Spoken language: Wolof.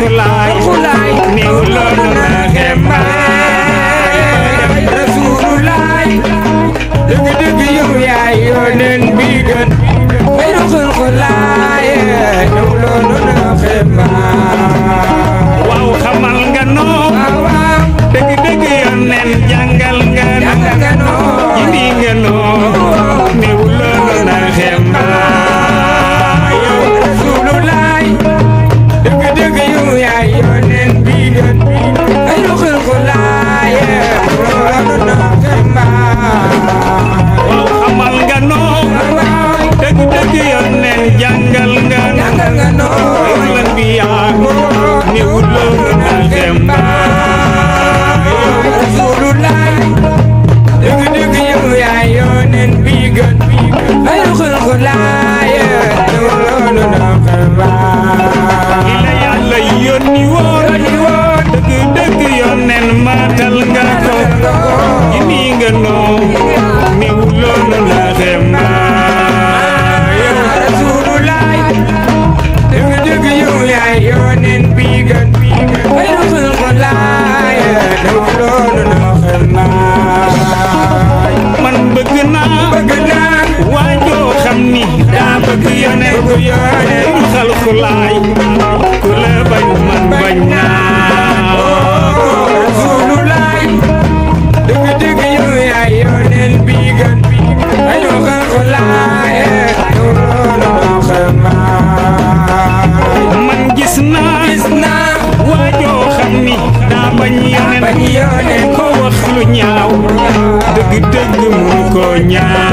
xilaat yaay yónneen bi gën bi gën may rusul ko laaya dama doon doxal naay man bëgg naa bëgg naa waajoo xam ni daa bëgg yónneen bëgg yónneen xal ku laay ku la bañ man bañ naa ñaar